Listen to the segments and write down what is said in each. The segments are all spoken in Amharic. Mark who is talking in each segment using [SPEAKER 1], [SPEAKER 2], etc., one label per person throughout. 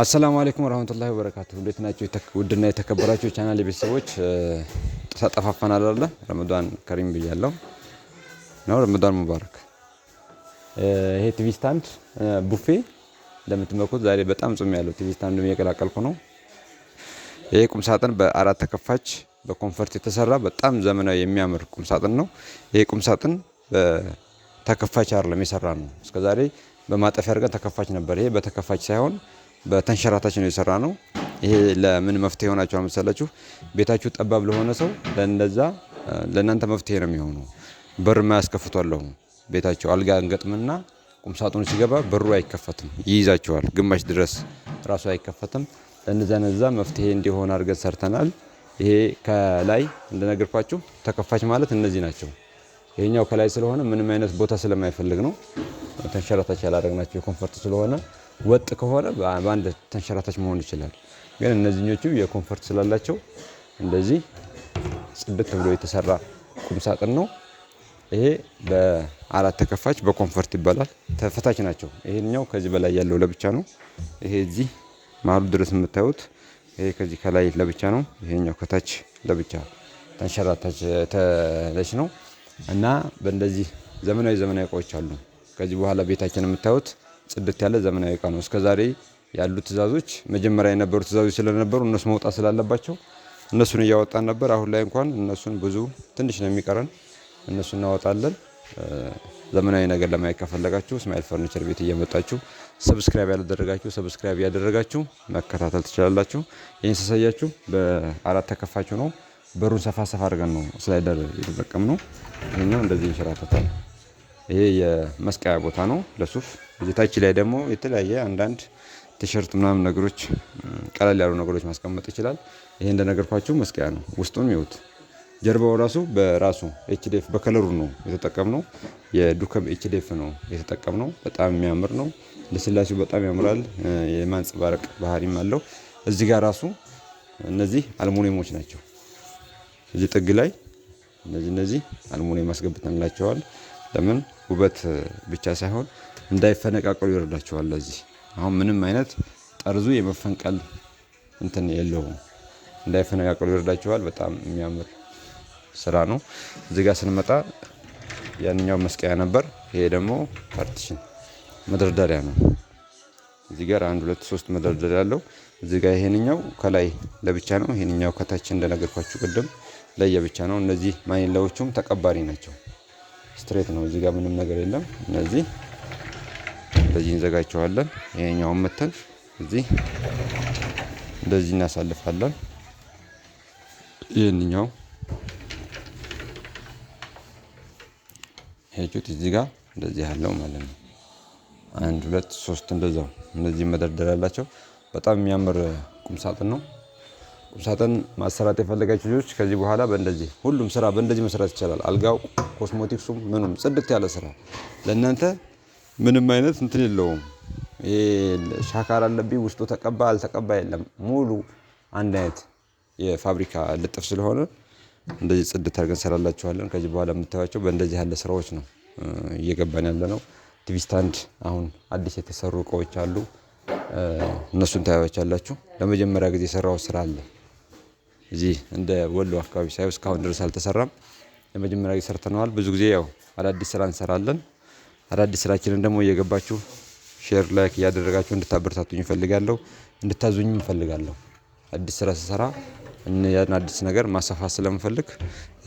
[SPEAKER 1] አሰላሙ አለይኩም ወራህመቱላሂ ወበረካቱ። እንዴት ናቸው ውድና የተከበራችሁ ቻናል ቤተሰቦች? ሳጠፋፋን አላለ ረመዳን ከሪም ብያለሁ ነው። ረመዳን ሙባረክ። ይሄ ቲቪ ስታንድ ቡፌ እንደምትመኩት ዛሬ በጣም ጾም ያለው ቲቪ ስታንድ እየቀላቀልኩ ነው። ይሄ ቁም ሳጥን በአራት ተከፋች በኮንፈርት የተሰራ በጣም ዘመናዊ የሚያምር ቁም ሳጥን ነው። ይሄ ቁም ሳጥን ተከፋች አይደለም የሰራ ነው። እስከዛሬ በማጠፊያ አድርገን ተከፋች ነበር። ይሄ በተከፋች ሳይሆን በተንሸራታች ነው የሰራ ነው። ይሄ ለምን መፍትሄ ሆናችኋል መሰላችሁ? ቤታችሁ ጠባብ ለሆነ ሰው ለነዛ ለእናንተ መፍትሄ ነው የሚሆኑ። በር ማያስከፍቷለሁ ቤታቸው አልጋ እንገጥምና ቁምሳጥኑ ሲገባ በሩ አይከፈትም፣ ይይዛቸዋል ግማሽ ድረስ ራሱ አይከፈትም። ለነዛ ነዛ መፍትሄ እንዲሆን አድርገን ሰርተናል። ይሄ ከላይ እንደነገርኳችሁ ተከፋች ማለት እነዚህ ናቸው። ይሄኛው ከላይ ስለሆነ ምንም አይነት ቦታ ስለማይፈልግ ነው። ተንሸራታች ያላደረግናቸው የኮንፈርት ስለሆነ ወጥ ከሆነ በአንድ ተንሸራታች መሆን ይችላል። ግን እነዚህኞቹ የኮንፈርት ስላላቸው እንደዚህ ጽድት ተብሎ የተሰራ ቁምሳጥን ነው። ይሄ በአራት ተከፋች በኮንፈርት ይባላል። ተፈታች ናቸው። ይሄኛው ከዚህ በላይ ያለው ለብቻ ነው። ይሄ እዚህ መሀሉ ድረስ የምታዩት ይሄ ከዚህ ከላይ ለብቻ ነው። ይሄኛው ከታች ለብቻ ተንሸራታች ተለች ነው። እና በእንደዚህ ዘመናዊ ዘመናዊ እቃዎች አሉ። ከዚህ በኋላ ቤታችን የምታዩት ጽድት ያለ ዘመናዊ እቃ ነው። እስከዛሬ ያሉ ትእዛዞች መጀመሪያ የነበሩ ትእዛዞች ስለነበሩ እነሱ መውጣት ስላለባቸው እነሱን እያወጣን ነበር። አሁን ላይ እንኳን እነሱን ብዙ ትንሽ ነው የሚቀረን፣ እነሱ እናወጣለን። ዘመናዊ ነገር ለማየት ከፈለጋችሁ እስማኤል ፈርኒቸር ቤት እየመጣችሁ ሰብስክራይብ ያላደረጋችሁ ሰብስክራይብ እያደረጋችሁ መከታተል ትችላላችሁ። ይህን ሳሳያችሁ በአራት ተከፋችሁ ነው በሩን ሰፋ ሰፋ አድርገን ነው ስላይደር ነው ይሄኛው እንደዚህ ይንሸራተታል። ይሄ የመስቀያ ቦታ ነው ለሱፍ። እዚታች ላይ ደግሞ የተለያየ አንዳንድ ቲሸርት ምናምን ነገሮች፣ ቀለል ያሉ ነገሮች ማስቀመጥ ይችላል። ይሄ እንደነገርኳችሁ መስቀያ ነው። ውስጡም ይሁት ጀርባው ራሱ በራሱ ኤችዲኤፍ በከለሩ ነው ነው። የዱከም ኤችዲኤፍ ነው የተጠቀም ነው። በጣም የሚያምር ነው። ለስላሴው በጣም ያምራል። የማንጸባረቅ ባህሪም አለው። እዚህ ጋር ራሱ እነዚህ አልሙኒየሞች ናቸው። እዚህ ጥግ ላይ እነዚህ እነዚህ አልሙኒየም አስገብተንላቸዋል። ለምን ውበት ብቻ ሳይሆን እንዳይፈነቃቀሉ ይረዳቸዋል። ለዚህ አሁን ምንም አይነት ጠርዙ የመፈንቀል እንትን የለውም። እንዳይፈነቃቀሉ ይረዳቸዋል። በጣም የሚያምር ስራ ነው። እዚህ ጋር ስንመጣ ያንኛው መስቀያ ነበር። ይሄ ደግሞ ፓርቲሽን መደርደሪያ ነው። እዚህ ጋር አንድ ሁለት ሶስት መደርደሪያ አለው። እዚህ ጋር ይሄንኛው ከላይ ለብቻ ነው። ይሄንኛው ከታች እንደነገርኳችሁ ቅድም ለየብቻ ነው። እነዚህ ማኒላዎቹም ተቀባሪ ናቸው። ስትሬት ነው። እዚህ ጋር ምንም ነገር የለም። እነዚህ እንደዚህ እንዘጋቸዋለን። ይሄኛውን መተን እዚህ እንደዚህ እናሳልፋለን። ይህንኛው ሄጩት እዚህ ጋር እንደዚህ ያለው ማለት ነው። አንድ ሁለት ሶስት እንደዛው እነዚህ መደርደር ያላቸው በጣም የሚያምር ቁምሳጥን ነው። ቁምሳጥን ማሰራት የፈለጋችሁ ልጆች ከዚህ በኋላ በእንደዚህ ሁሉም ስራ በእንደዚህ መስራት ይቻላል። አልጋው፣ ኮስሞቲክሱም ምኑም ጽድት ያለ ስራ ለእናንተ ምንም አይነት እንትን የለውም። ሻካር አለብኝ ውስጡ ተቀባ አልተቀባ የለም። ሙሉ አንድ አይነት የፋብሪካ ልጥፍ ስለሆነ እንደዚህ ጽድት አድርገን እንሰራላችኋለን። ከዚህ በኋላ የምታያቸው በእንደዚህ ያለ ስራዎች ነው እየገባን ያለ ነው። ቲቪ ስታንድ አሁን አዲስ የተሰሩ እቃዎች አሉ። እነሱን ታያቻላችሁ። ለመጀመሪያ ጊዜ የሰራው ስራ አለ እዚህ እንደ ወሎ አካባቢ ሳይሆን እስካሁን ድረስ አልተሰራም። ለመጀመሪያ ጊዜ ሰርተነዋል። ብዙ ጊዜ ያው አዳዲስ ስራ እንሰራለን። አዳዲስ ስራችንን ደግሞ እየገባችሁ ሼር ላይክ እያደረጋችሁ እንድታበረታቱኝ እፈልጋለሁ፣ እንድታዙኝ እፈልጋለሁ። አዲስ ስራ ስሰራ ያን አዲስ ነገር ማስፋፋት ስለምፈልግ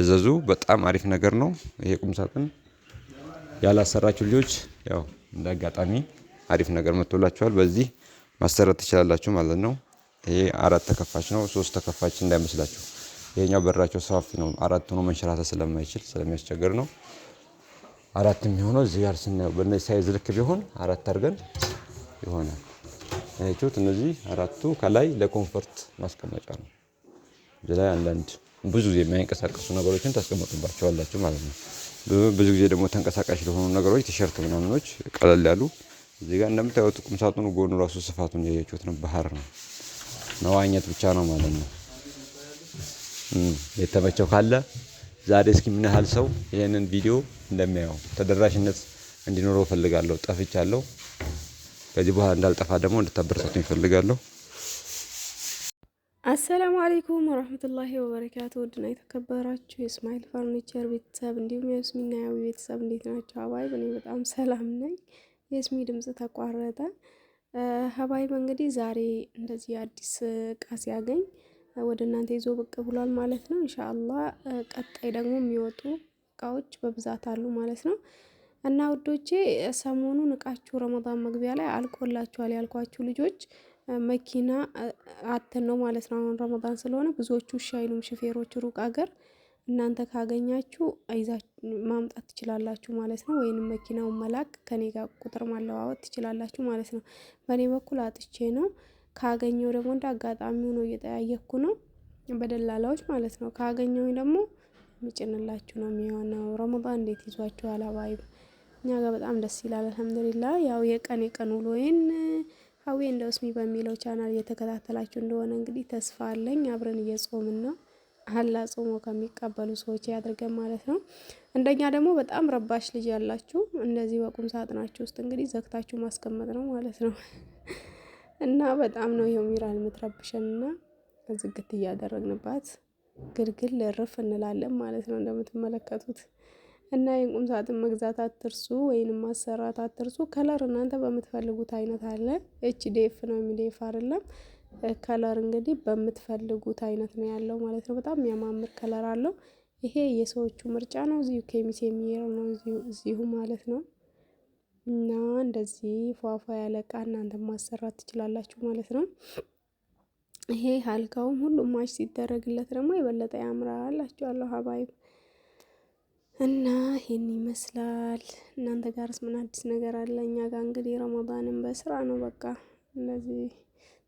[SPEAKER 1] እዘዙ። በጣም አሪፍ ነገር ነው ይሄ ቁም ያላሰራችሁ ልጆች ያው እንደ አጋጣሚ አሪፍ ነገር መጥቶላችኋል በዚህ ማሰራት ትችላላችሁ ማለት ነው። ይሄ አራት ተከፋች ነው፣ ሶስት ተከፋች እንዳይመስላችሁ። ይሄኛው በራቸው ሰፋፊ ነው፣ አራት ሆኖ መንሸራተት ስለማይችል ስለሚያስቸግር ነው። አራት የሚሆነው እዚህ ጋር ስናየው በእነዚህ ሳይዝ ልክ ቢሆን አራት አድርገን ይሆናል። ያችሁት እነዚህ አራቱ ከላይ ለኮንፈርት ማስቀመጫ ነው። እዚህ ላይ አንዳንድ ብዙ ጊዜ የማይንቀሳቀሱ ነገሮችን ታስቀምጡባቸዋላችሁ ማለት ነው። ብዙ ጊዜ ደግሞ ተንቀሳቃሽ ለሆኑ ነገሮች ቲሸርት ምናምኖች ቀለል ያሉ እዚህ ጋር እንደምታዩት ቁም ሳጥኑ ጎኑ ራሱ ስፋቱን ያያችሁት ነው። ባህር ነው መዋኘት ብቻ ነው ማለት ነው። የተመቸው ካለ ዛሬ እስኪ ምን ያህል ሰው ይህንን ቪዲዮ እንደሚያየው ተደራሽነት እንዲኖረው እፈልጋለሁ። ጠፍቻለሁ። ከዚህ በኋላ እንዳልጠፋ ደግሞ እንድታበረታቱኝ ይፈልጋለሁ።
[SPEAKER 2] አሰላሙ አለይኩም ወረህመቱላሂ ወበረካቱ። ውድና የተከበራችሁ የእስማኤል ፈርኒቸር ቤተሰብ እንዲሁም የስሚናያዊ ቤተሰብ እንዴት ናቸው? አባይ እኔ በጣም ሰላም ነኝ። የስሚ ድምፅ ተቋረጠ። ሀባይብ እንግዲህ ዛሬ እንደዚህ አዲስ እቃ ሲያገኝ ወደ እናንተ ይዞ ብቅ ብሏል ማለት ነው። እንሻአላ ቀጣይ ደግሞ የሚወጡ እቃዎች በብዛት አሉ ማለት ነው። እና ውዶቼ ሰሞኑን እቃችሁ ረመዳን መግቢያ ላይ አልቆላችኋል ያልኳችሁ ልጆች መኪና አተን ነው ማለት ነው። አሁን ረመዳን ስለሆነ ብዙዎቹ ሻይሉም ሽፌሮች ሩቅ አገር። እናንተ ካገኛችሁ አይዛችሁ ማምጣት ትችላላችሁ ማለት ነው። ወይንም መኪናውን መላክ ከኔ ጋር ቁጥር ማለዋወጥ ትችላላችሁ ማለት ነው። በእኔ በኩል አጥቼ ነው ካገኘው ደግሞ እንደ አጋጣሚ ሆኖ እየጠያየኩ ነው በደላላዎች ማለት ነው። ካገኘው ደግሞ ምጭንላችሁ ነው የሚሆነው። ረመዳን እንዴት ይዟችሁ አባይብ? እኛ ጋር በጣም ደስ ይላል አልሐምዱሊላ። ያው የቀን የቀን ውሎ ወይን ሀዊ እንደ ውስሚ በሚለው ቻናል እየተከታተላችሁ እንደሆነ እንግዲህ ተስፋ አለኝ አብረን እየጾምን ነው ሀላ ጾሞ ከሚቀበሉ ሰዎች ያድርገን ማለት ነው። እንደኛ ደግሞ በጣም ረባሽ ልጅ ያላችሁ እንደዚህ በቁም ሳጥናችሁ ውስጥ እንግዲህ ዘግታችሁ ማስቀመጥ ነው ማለት ነው። እና በጣም ነው የሚራል የምትረብሸን እና ዝግት እያደረግንባት ግልግል ርፍ እንላለን ማለት ነው እንደምትመለከቱት እና የቁም ሳጥን መግዛት አትርሱ፣ ወይንም ማሰራት አትርሱ። ከለር እናንተ በምትፈልጉት አይነት አለ። ኤች ዴፍ ነው የሚዴፍ አይደለም ከለር እንግዲህ በምትፈልጉት አይነት ነው ያለው ማለት ነው። በጣም የሚያማምር ከለር አለው። ይሄ የሰዎቹ ምርጫ ነው። እዚሁ ኬሚስ የሚሄረው ነው እዚሁ ማለት ነው። እና እንደዚህ ፏፏ ያለ እቃ እናንተ ማሰራት ትችላላችሁ ማለት ነው። ይሄ አልጋውም ሁሉም ማች ሲደረግለት ደግሞ የበለጠ ያምራል ሀባይብ እና ይህን ይመስላል። እናንተ ጋርስ ምን አዲስ ነገር አለ? እኛ ጋር እንግዲህ ረመዳንን በስራ ነው በቃ እንደዚህ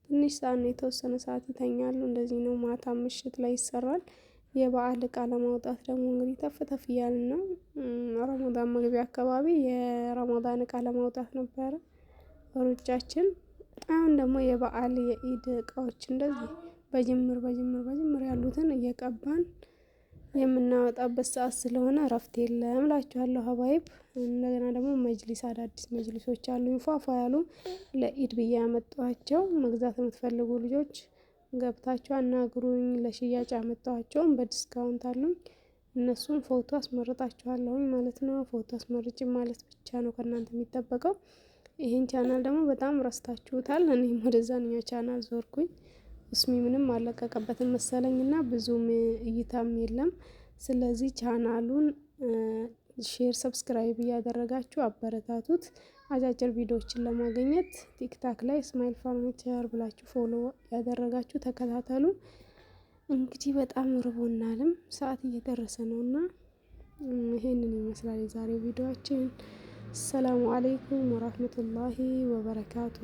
[SPEAKER 2] ትንሽ ሰዓት ነው፣ የተወሰነ ሰዓት ይተኛሉ። እንደዚህ ነው። ማታ ምሽት ላይ ይሰራል። የበዓል እቃ ለማውጣት ደግሞ እንግዲህ ተፍ ተፍ እያልን ነው። ረመዳን መግቢያ አካባቢ የረመዳን እቃ ለማውጣት ነበረ ሩጫችን። አሁን ደግሞ የበዓል የኢድ እቃዎች እንደዚህ በጅምር በጅምር በጅምር ያሉትን እየቀባን የምናወጣበት ሰዓት ስለሆነ እረፍት የለም እላችኋለሁ ሀባይብ። እንደገና ደግሞ መጅሊስ አዳዲስ መጅሊሶች አሉ ፏፏ ያሉ ለኢድ ብዬ ያመጣኋቸው። መግዛት የምትፈልጉ ልጆች ገብታችሁ አናግሩኝ። ለሽያጭ ያመጣኋቸውም በዲስካውንት አሉኝ። እነሱም ፎቶ አስመርጣችኋለሁኝ ማለት ነው። ፎቶ አስመርጭ ማለት ብቻ ነው ከእናንተ የሚጠበቀው። ይህን ቻናል ደግሞ በጣም ረስታችሁታል። እኔም ወደዛኛው ቻናል ዞርኩኝ። እስሚ ምንም አለቀቀበትም መሰለኝ እና ብዙም እይታም የለም። ስለዚህ ቻናሉን ሼር፣ ሰብስክራይብ እያደረጋችሁ አበረታቱት። አጫጭር ቪዲዮዎችን ለማግኘት ቲክታክ ላይ ስማይል ፈርኒቸር ብላችሁ ፎሎ ያደረጋችሁ ተከታተሉ። እንግዲህ በጣም ርቦናልም ሰዓት እየደረሰ ነው እና ይህንን ይመስላል የዛሬ ቪዲዮችን። አሰላሙ አሌይኩም ወራህመቱላሂ ወበረካቱ።